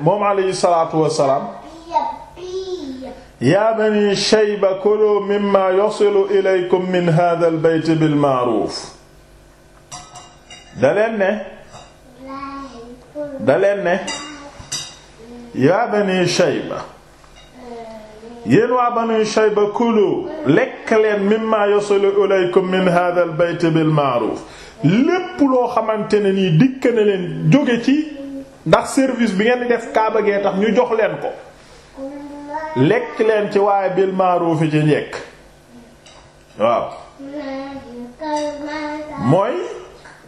moom alayhi salaatu wassalaam yaa bani shayba kulu mimma yasilu ilaykum min min hadha al bayt bil loo xamante ne nii dikk na leen jóge ci ndax service bi ngeen di def kaaba gee tax ñu jox leen ko lekk leen ci waaye bil ma'ruf ci njekk waaw mooy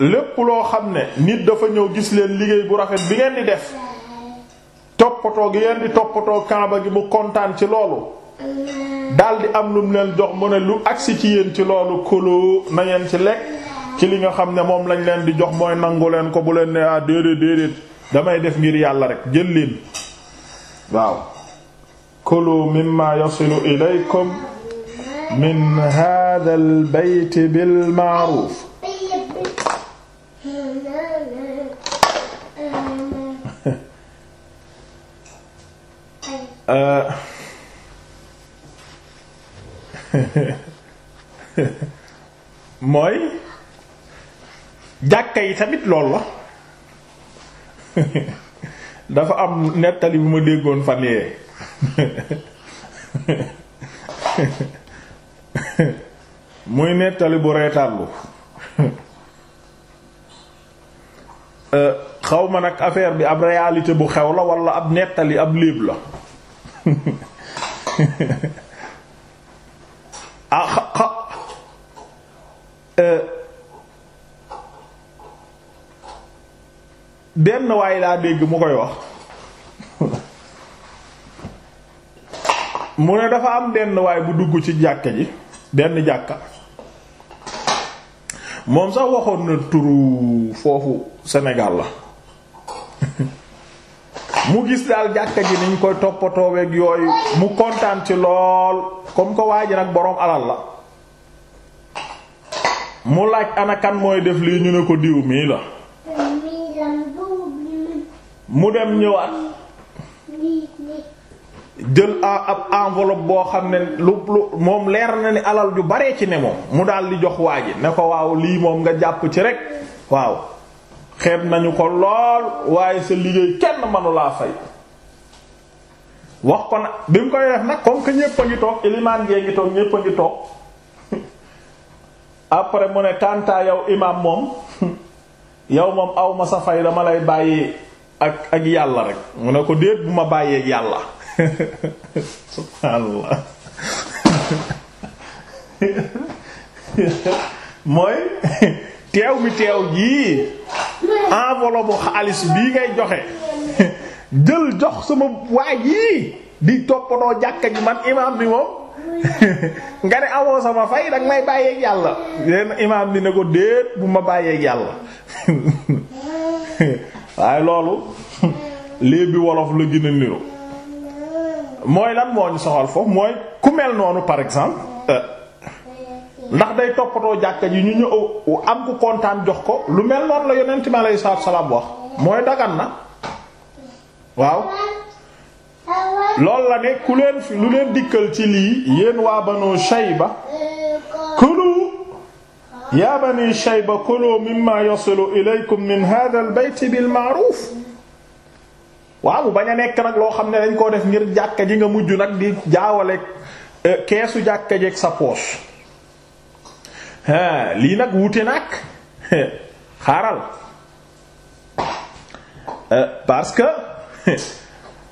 lépp loo xam ne nit dafa ñëw gis leen liggéey bu rafet bi ngeen di def toppatoo gi ngeen di toppatoo kaaba gi mu kontaan ci loolu daldi am lu mu leen jox mu ne lu agsi ci yéen ci loolu kolo na ngeen ci lekk ci li nga xam ne moom lañ leen di jox mooy nangu leen ko bu leen ne ah déedéet déedéet damay def ngir yàlla rek jël leen waaw kulu mimma yasilu ilaykum min hada al bayt bil ma'ruf mooy jàkka yi tamit lool la dafa am nettali bu ma déggoon fan yee muy nettali bu reetaanlu euh, xaw ma nag affaire bi ab réalité bu xew la wala ab nettali ab léeb la ah xa xa euh, benn waay laa dégg mu koy wax mu ne dafa am benn waay bu dugg ci jàkka ji benn jàkka moom sax waxoon na turu foofu Sénégal la mu gis daal jàkka ji niñ koy toppatoo ak yooyu mu kontaan ci lool comme que waa ji nag boroom alal la mu laaj ana mooy def lii ñu ne ko diw mii la mu dem ñëwaat jël ab enveloppe boo xam ne lu lu moom leer na ni alal yu baree ci ne moom mu daal di jox waa ji ne ko waaw lii moom nga jàpp ci rek waaw xeeb nañu ko lool waaye sa liggéey kenn manu laa fay. wax ko nag bi mu koy def nag comme que ñépp a ngi toog ilimaan gee ngi toog ñépp a ngi toog après mu ne Kanta yow imaam moom yow moom aw sa fay dama lay bàyyi. ak ak yàlla rek mu ne ko déet bu ma bàyyeeg yàlla subhaanallah mooy teew bi teew jii enveloppe xaalis bii ngay joxe jël jox sama waa jii di toppatoo jàkka ji man imaam bi moom nga ne amoo sama fay danga may bàyyeeg yàlla leen imaam bi ne ko déet bu ma bàyyeeg yàlla waaye loolu léebi wolof la gën a niru mooy lan moo ñu soxal foofu mooy ku mel noonu par exemple euh, ndax day toppatoo jàkka yi ñu ñu euh, am ku kontaan jox ko lu mel noonu la yonent bi alayhi salaatu salaam wax mooy dagan na waaw loolu la ne ku leen fi lu leen dikkal ci lii yéen waa Banu ba yaa bani shayba kulu mimma yasilu ilaykum min hadha al bayt bil ma'ruf waaw mu bañ a nekk nag loo xam ne dañ koo def ngir jàkka ji nga mujj nag di jaawale eh, keesu jàkka jeeg sa poche lii nag wuti nag eh, xaaral eh, parce que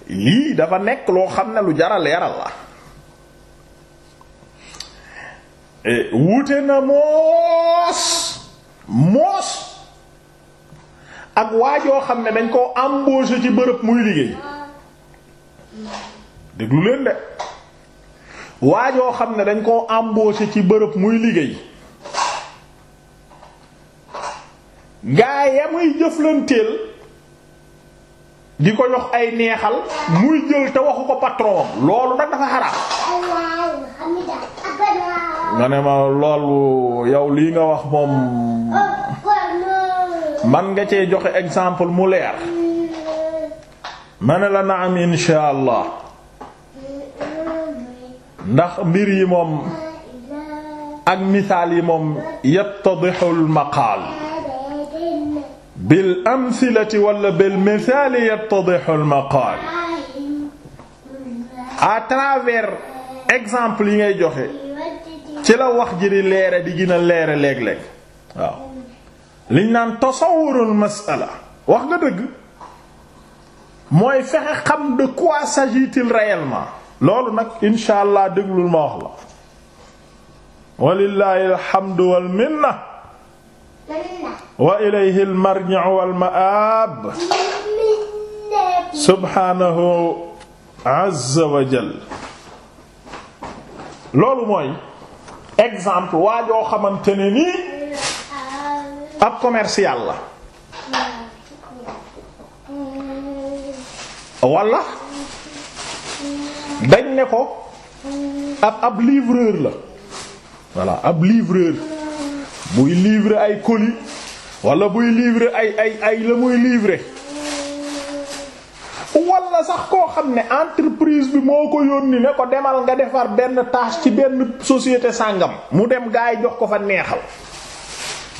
lii dafa nekk loo xam ne lu jara leeral la E wuute na moos moos ak waa xam ne dañ koo embauché ci bërëb muy liggéey déglu leen de waa xam ne dañ koo embauché ci bërëb muy liggéey gaa ya muy jëflanteel di ko jox ay neexal muy jël te waxu ko patron loolu nag dafa xaraam oh, nga ne loolu yow lii nga wax moom man nga cee joxe exemple mu ma ne la naam insha allah ndax mbir yi moom ak misaal yi moom yattadixu almaqaal bil amsilati wala bil misaali yattadixu almaqaal à travers exemple yi ngay joxe ci la wax ji di leere di gën a leere léeg-léeg waaw liñ naan tasawurul masala wax nga dëgg mooy fexe xam de quoi s'agit-il réellement loolu nag incha allah déglul ma wax la walillahi alhamdu wal minna wa ilayhi al marji'u wal ma'ab subhanahu loolu mooy exemple waa joo xamante ne nii ab commercial la walla dañ ne ko ab ab livreur la voilà ab livreur buy livre ay colis walla buy livrer ay ay ay la muy livrer wala sax koo xam ne entreprise bi moo ko yónni ne ko demal nga defar benn tâche ci benn société sàngam mu dem gaa yi jox ko fa neexal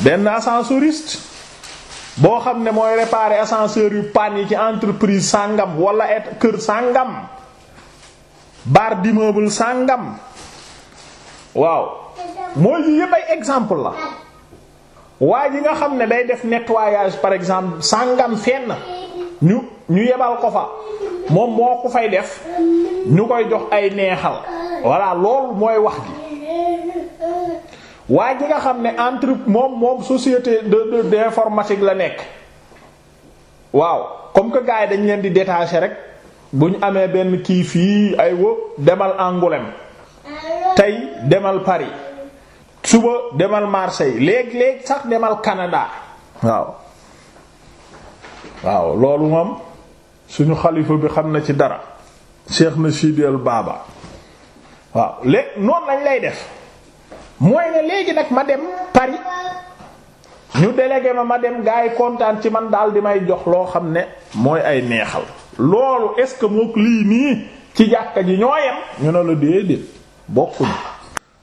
benn ascensoriste boo xam ne mooy réparer ascenseur yu panne yi ci entreprise sàngam wala et kër sàngam bar d'immeuble sàngam waaw mooy yi yépp ay exemple la waa ji nga xam ne day def nettoyage par exemple sàngam fenn ñu ñu yebal ko fa moom moo ko fay def ñu koy jox ay neexal voilà loolu mooy wax gi waaye ji nga xam ne entre moom moom société de d'informatique la nekk waaw comme que gars dañ leen di détacher rek bu ñu amee benn kii fii ay wo demal Angoulême tey demal Paris suba demal Marseille léeg léegi sax demal Canada waaw loolu moom suñu xalifa bi xam na ci dara Cheikh na Sidel baaba waaw léegi noonu lañ lay def mooy ne léegi nag ma dem Paris ñu délégué ma ma dem gaa kontaan ci man daal di may jox loo xam ne mooy ay neexal loolu est ce que mook lii nii ci jàkka ji ñoo yem ñu ne la déedéet bokkul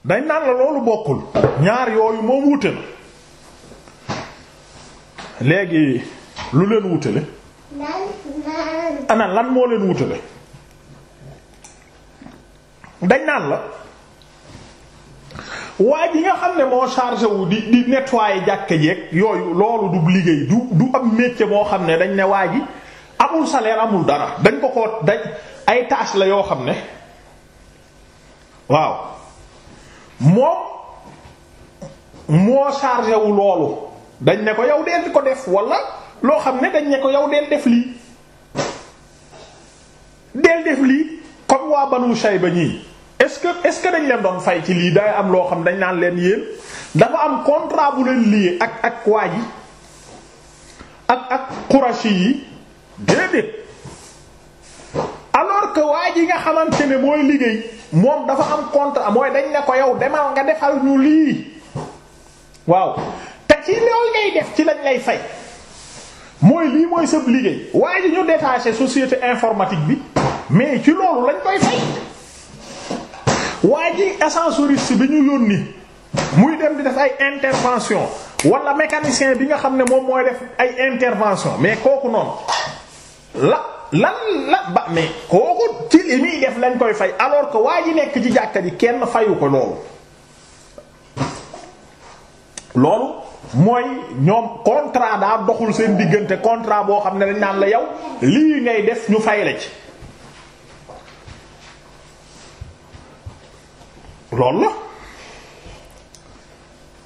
dañ naan la loolu bokkul ñaar yooyu moom wute na léegi lu leen wutale ana lan moo leen wutale dañ naan la waaye ji nga xam ne moo chargé wu di di nettoyer jàkka jeeg yooyu loolu du liggéey du du am métier moo xam ne dañ ne waa ji amul salaire amul dara dañ ko ko dañ ay taas la yoo xam ne waaw moom moo chargé wu loolu dañ ne ko yow dee di ko def wala. loo xam ne dañ ne ko yow del def lii del def lii comme waa Banu ba ñii est-ce que est-ce que dañ leen doon fay ci lii day am loo xam dañ naan leen yéen dafa am contrat bu leen lié ak ak waa ji ak ak Qurashi yi déedéet alors que waa ji nga xamante ne booy liggéey moom dafa am contrat mooy dañ ne ko yow demal nga defal ñu lii waaw te ci loolu ngay def ci lañ lay fay. mooy lii mooy sëb liggéey waaye ji ñu détaché société informatique bi mais ci loolu lañ koy fay waaye ji ascensoriste bi ñu yónni muy dem di def ay intervention wala mécanicien bi nga xam ne moom mooy def ay intervention mais kooku noonu la la la ba mais kooku ci li muy def lañ koy fay alors ko waa ji nekk ci jàkka kenn fayu ko loolu loolu mooy ñoom contrat daa doxul seen diggante contrat boo xam ne dañ naan la yow lii ngay def ñu fay la ci loolu la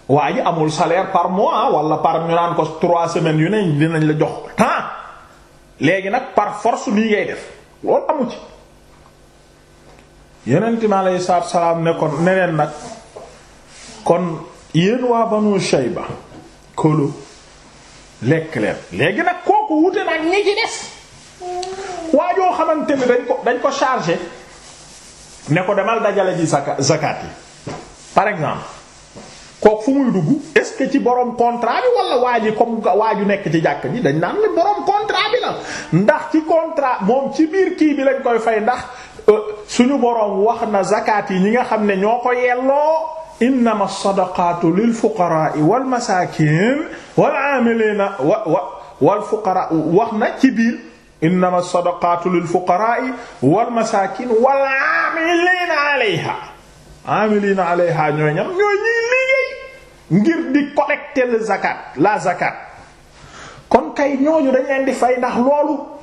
waa ji amul salaire par mois wala par ñu naan ko trois semaines yu ne dinañ la jox temps léegi nag par force lii ngay def loolu amu ci yeneen mi aleyhi salaatu salaam ne kon neneen nag kon yéen waa banu ba kolo lekk leen léegi nag kooku wute nag ñi ci des waa joo xamante dañ ko dañ ko chargé ne ko demal dajale ji zakat yi par exemple kook fu muy dugg est-ce que ci borom contrat bi wala waa yi comme waa ju nekk ci jàkk ji dañ naan ne borom contrat bi la ndax ci contrat moom ci biir kii bi lañ koy fay ndax euh, suñu borom wax na zakat yi ñi nga xam ne ñoo ko yelloo innama sadaqaatu lil fuqaraa'i wal masaakiin wal aamiliina wa wa wal fuqaraa wax na ci biir innama sadaqaatu lil fuqaraa'i wal masaakiin wal aamiliina alayhaa aamiliina alayhaa ñooy ñam ñooy ñuy liggéey ngir di collecter le zakat la zakat kon kay ñooñu dañ leen di fay ndax loolu.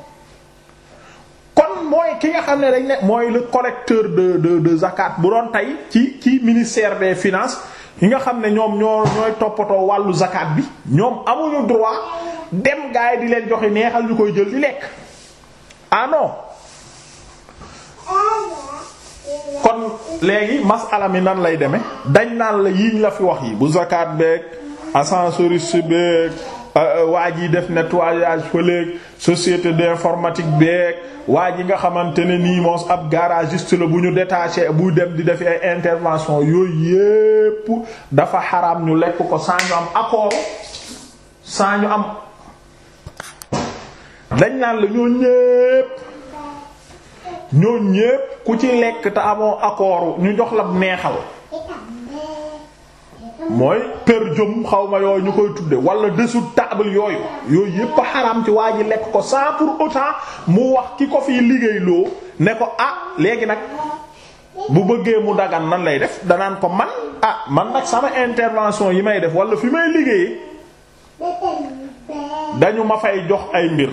kon mooy ki nga xam ne dañ ne mooy le collecteur de de de bu doon tey ci ci ministère des finance yi nga xam ne ñoom ñoo ñooy toppatoo wàllu zakat bi ñoom amuñu droit dem gaay di leen joxe neexal ñu koy jël di lekk ah kon léegi masala mi nan lay demee dañ naan la yiñ la fi wax yi bu zakat beeg ascensoriste beeg Euh, euh, waa ji def nettoyage fëleeg société d'informatique beeg waa ji nga xamante ne nii moos ab garagiste bu ñu détaché buy dem di def ay intervention yooyu yépp dafa xaram ñu lekk ko sans ñu am accord sans ñu am dañ naan la ñoo ñépp ñoo ñépp ku ci lekk te amoo accord ñu jox la neexal mooy per jom xaw ma yooyu ñu koy tudde wala dessous de table yooyu yooyu yépp a xaram ci waa ji lekk ko sans pour autant mu wax ki ko fiy liggéey loo ne ko ah léegi nag bu bëggee mu dagan nan lay def danaan ko man ah man nag sama intervention yi may def wala fi may liggéeyee dañu ma fay jox ay mbir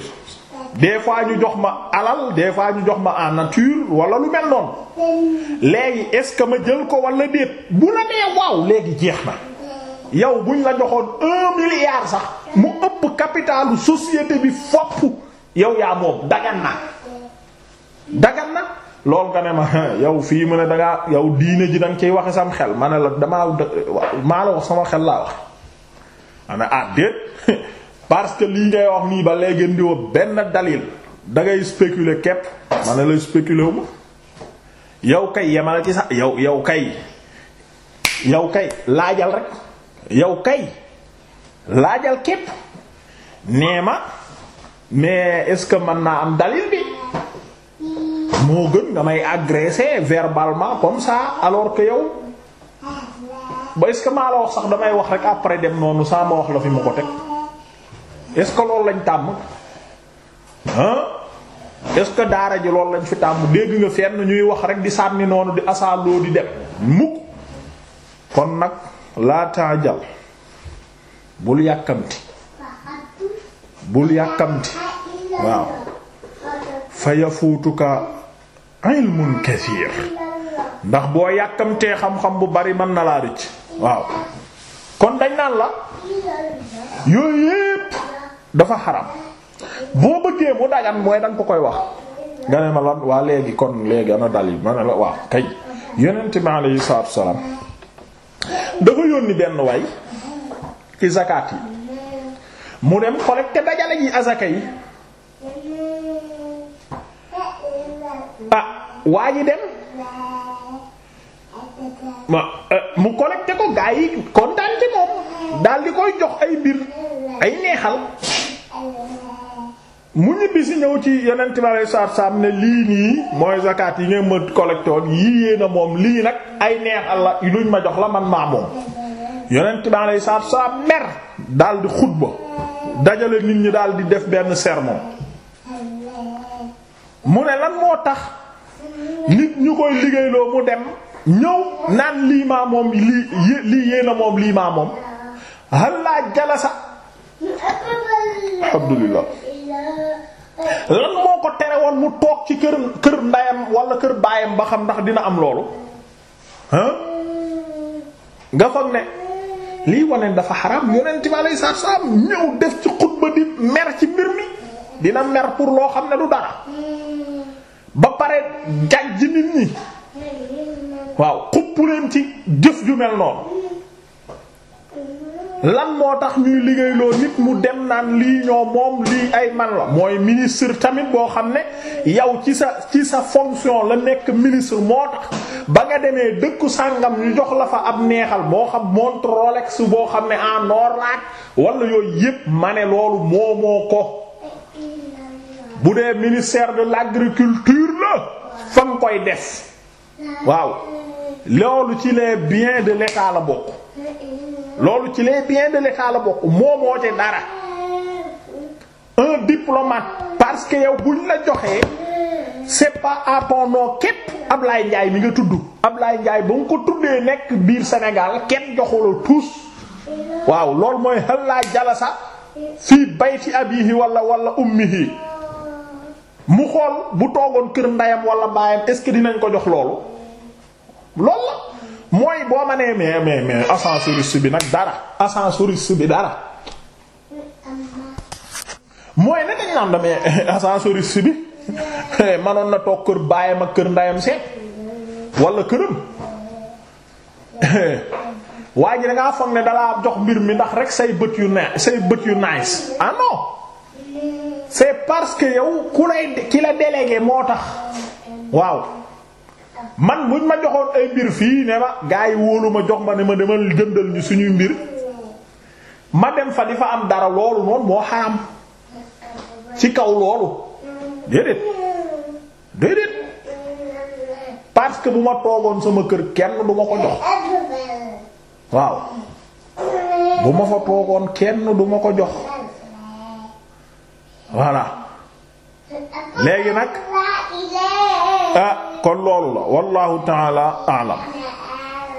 des fois ñu jox ma alal des fois ñu jox ma en nature wala lu mel noonu léegi est-ce que ma jël ko wala déet bu la nee waaw léegi jeex na yow buñ la joxoon un milliard sax mu ëpp capitalu société bi fopp yow yaa moom dagan na dagan na lool nga ne ma yow fii mu ne dangaa yow diine ji danga ciy waxe sam xel ma ne la damaa maa la wax sama xel laa wax ana ah déet parce que lii ngay wax nii ba léegi ndiwa benn dalil dangay spéculer kepp ma ne la spéculer wu yow kay yemale ci sax yow yow kay yow kay laajal rek yow kay laajal képp nee ma mais est-ce que mën naa am dalil bi moo gën nga may agresser verbalement comme ça alors que yow ba est-ce que maa la wax sax damay wax rek après dem noonu saa ma wax la fi mu ko teg. est-ce que loolu lañ tàmm ah est-ce daara ji loolu lañ fi tàmm dégg nga fenn ñuy wax rek di sànni noonu di asaaloo di dem mukk kon nag laa taajal bul yàkkamti bul yàkkamti waaw fa yafuutuka ilmun kathir ndax boo yàkkamtee xam-xam bu bari mën na laa rëcc waaw kon dañ naan la dafa xaram boo bëggee mu dagan mooy danga ko koy wax nga ne ma lan waa léegi kon léegi ana dal yi ma ne la waaw kay yonent bi alayhi salaatu wasalaam benn waay ci mu dem collecte dajale ji azaka yi ah eh, mu collecte ko gaa yi kontaan daal di koy jox ay mbir ay neexal mu ñibbi si ñëw ci yonent bi aleyhi salaatu salaam ne lii nii mooy zakat yi ngeen ma collecté yii yéen a moom lii nag ay neex Allah luñ ma jox la man maa moom yonent bi aleyhi salaatu salaam mer daal di xutba dajale nit ñi daal di def benn sermon mu ne lan moo tax nit ñu koy liggéeyloo mu dem ñëw naan lii maa moom lii lii yéen moom lii maa moom. alhamdulilah. lan moo ko tere woon mu toog ci kër kër ndayam wala kër baayam ba xam ndax dina am loolu ah nga foog ne lii wane dafa xaraam yonent bi alayhi salaam ñëw def ci xutba di mer ci mbir mi dina mer pour loo xam ne du dara ba pare jàjj nit ñi waaw xupp leen ci jëf ju mel noonu lan moo tax ñuy liggéeyloo nit mu dem naan lii ñoo moom lii ay man la mooy ministre tamit boo xam ne yow ci sa ci sa fonction la nekk ministre moo tax ba nga demee dëkku sàngam ñu jox la fa ab neexal moo xam montre Rolex boo xam ne en or laat wala yooyu yépp ma ne loolu moomoo ko bu dee ministère de l'agriculture la fa nga koy def waaw loolu ci les bien de l'État la bokk loolu ci les bien de l'État la bokk moomoo te dara un diplomate parce que yow buñ la joxee c'est pas à ton nom képp Ablaye mi nga tudd Ablaye Ndiaye ba nga ko tuddee nekk biir Sénégal kenn joxula tous waaw loolu mooy halla jalasa fii bayti abihi wala wala ummihi mu xool bu toogoon kër ndeyam wala baayam est-ce que dinañ ko jox loolu loolu la mooy boo ma nee mais mais mais ascensoriste bi nag dara ascensoriste bi dara mooy ne dañ naan damay ascensoriste bi manoon na toog kër baayam ak kër ndayam seet walla këram waa ji da ngaa ne dalaa jox mbir mi ndax rek say bët yu ne say bët yu nice ah non c'est parce que yow ku lay ki la délégué moo tax waaw. man buñ ma joxoon ay mbir fii ne ma gaa yi wóolu jox ma ne ma demal jëndal ñu suñuy mbir ma dem fa di fa am dara loolu noonu moo xaram ci kaw loolu déedéet déedéet parce que bu ma toogoon sama kër kenn du ma ko jox waaw bu ma fa toogoon kenn duma ko jox voilà léegi nag ah, kon loolu la wallahu taala alam